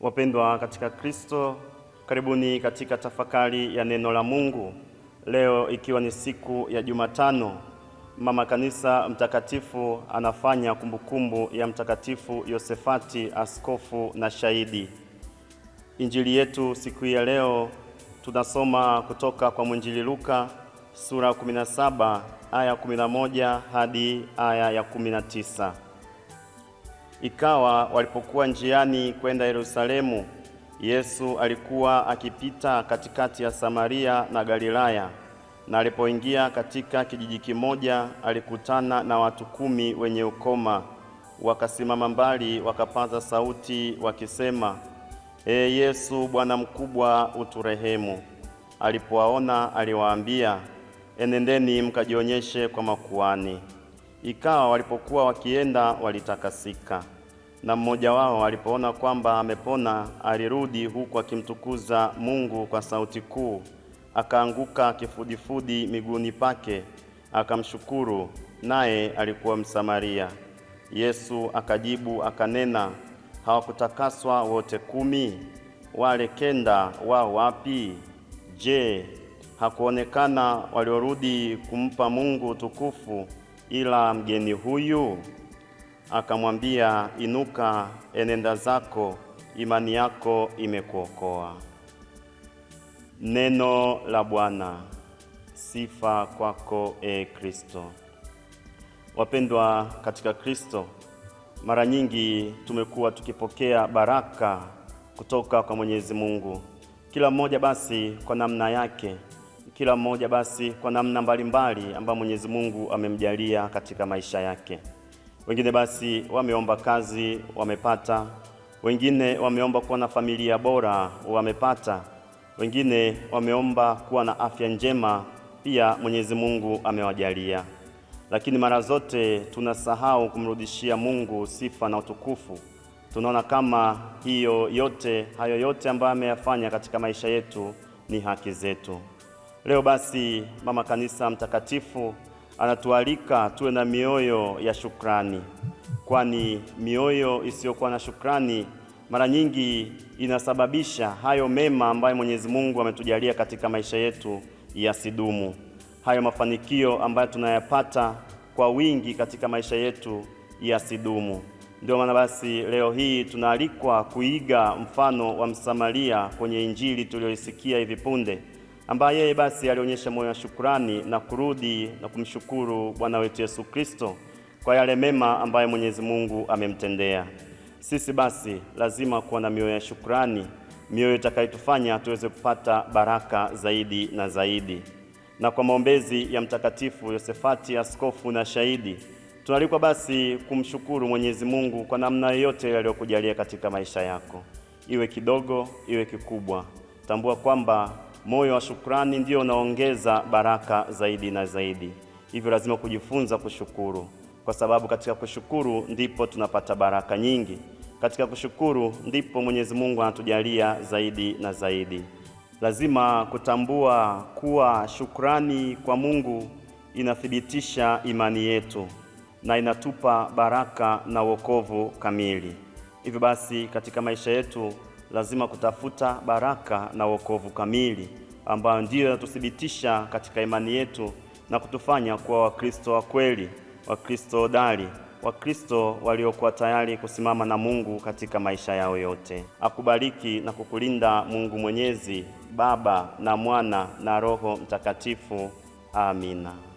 Wapendwa katika Kristo, karibuni katika tafakari ya neno la Mungu leo, ikiwa ni siku ya Jumatano. Mama Kanisa mtakatifu anafanya kumbukumbu ya Mtakatifu Yosefati, askofu na shahidi. Injili yetu siku ya leo tunasoma kutoka kwa mwinjili Luka sura 17 aya 11 hadi aya ya 19. Ikawa walipokuwa njiani kwenda Yerusalemu, Yesu alikuwa akipita katikati ya Samaria na Galilaya. Na alipoingia katika kijiji kimoja, alikutana na watu kumi wenye ukoma. Wakasimama mbali, wakapaza sauti wakisema, Ee Yesu, Bwana mkubwa, uturehemu. Alipowaona aliwaambia, enendeni mkajionyeshe kwa makuhani. Ikawa walipokuwa wakienda walitakasika, na mmoja wao alipoona kwamba amepona, alirudi huku akimtukuza Mungu kwa sauti kuu, akaanguka kifudifudi miguuni pake akamshukuru, naye alikuwa Msamaria. Yesu akajibu akanena, hawakutakaswa wote kumi? Wale kenda wao wapi? Je, hakuonekana waliorudi kumpa Mungu utukufu Ila mgeni huyu akamwambia, inuka, enenda zako, imani yako imekuokoa. Neno la Bwana. Sifa kwako e Kristo. Wapendwa katika Kristo, mara nyingi tumekuwa tukipokea baraka kutoka kwa Mwenyezi Mungu, kila mmoja basi kwa namna yake kila mmoja basi kwa namna mbalimbali ambayo Mwenyezi Mungu amemjalia katika maisha yake. Wengine basi wameomba kazi wamepata, wengine wameomba kuwa na familia bora wamepata, wengine wameomba kuwa na afya njema pia Mwenyezi Mungu amewajalia. Lakini mara zote tunasahau kumrudishia Mungu sifa na utukufu. Tunaona kama hiyo yote hayo yote ambayo ameyafanya katika maisha yetu ni haki zetu. Leo basi mama kanisa mtakatifu anatualika tuwe na mioyo ya shukrani, kwani mioyo isiyokuwa na shukrani mara nyingi inasababisha hayo mema ambayo Mwenyezi Mungu ametujalia katika maisha yetu yasidumu, hayo mafanikio ambayo tunayapata kwa wingi katika maisha yetu yasidumu. Ndio maana basi leo hii tunaalikwa kuiga mfano wa Msamaria kwenye Injili tuliyoisikia hivi punde ambaye yeye basi alionyesha moyo wa shukurani na kurudi na kumshukuru Bwana wetu Yesu Kristo kwa yale mema ambayo Mwenyezi Mungu amemtendea. Sisi basi lazima kuwa na mioyo ya shukurani, mioyo itakayotufanya tuweze kupata baraka zaidi na zaidi. Na kwa maombezi ya Mtakatifu Yosefati, askofu na shahidi, tunalikwa basi kumshukuru Mwenyezi Mungu kwa namna yoyote aliyokujalia katika maisha yako, iwe kidogo, iwe kikubwa. Tambua kwamba Moyo wa shukrani ndio unaongeza baraka zaidi na zaidi. Hivyo lazima kujifunza kushukuru, kwa sababu katika kushukuru ndipo tunapata baraka nyingi. Katika kushukuru ndipo Mwenyezi Mungu anatujalia zaidi na zaidi. Lazima kutambua kuwa shukrani kwa Mungu inathibitisha imani yetu na inatupa baraka na wokovu kamili. Hivyo basi katika maisha yetu lazima kutafuta baraka na wokovu kamili ambayo ndiyo yanatuthibitisha katika imani yetu na kutufanya kuwa Wakristo wa kweli, Wakristo hodari, Wakristo waliokuwa tayari kusimama na Mungu katika maisha yao yote. Akubariki na kukulinda Mungu Mwenyezi, Baba na Mwana na Roho Mtakatifu. Amina.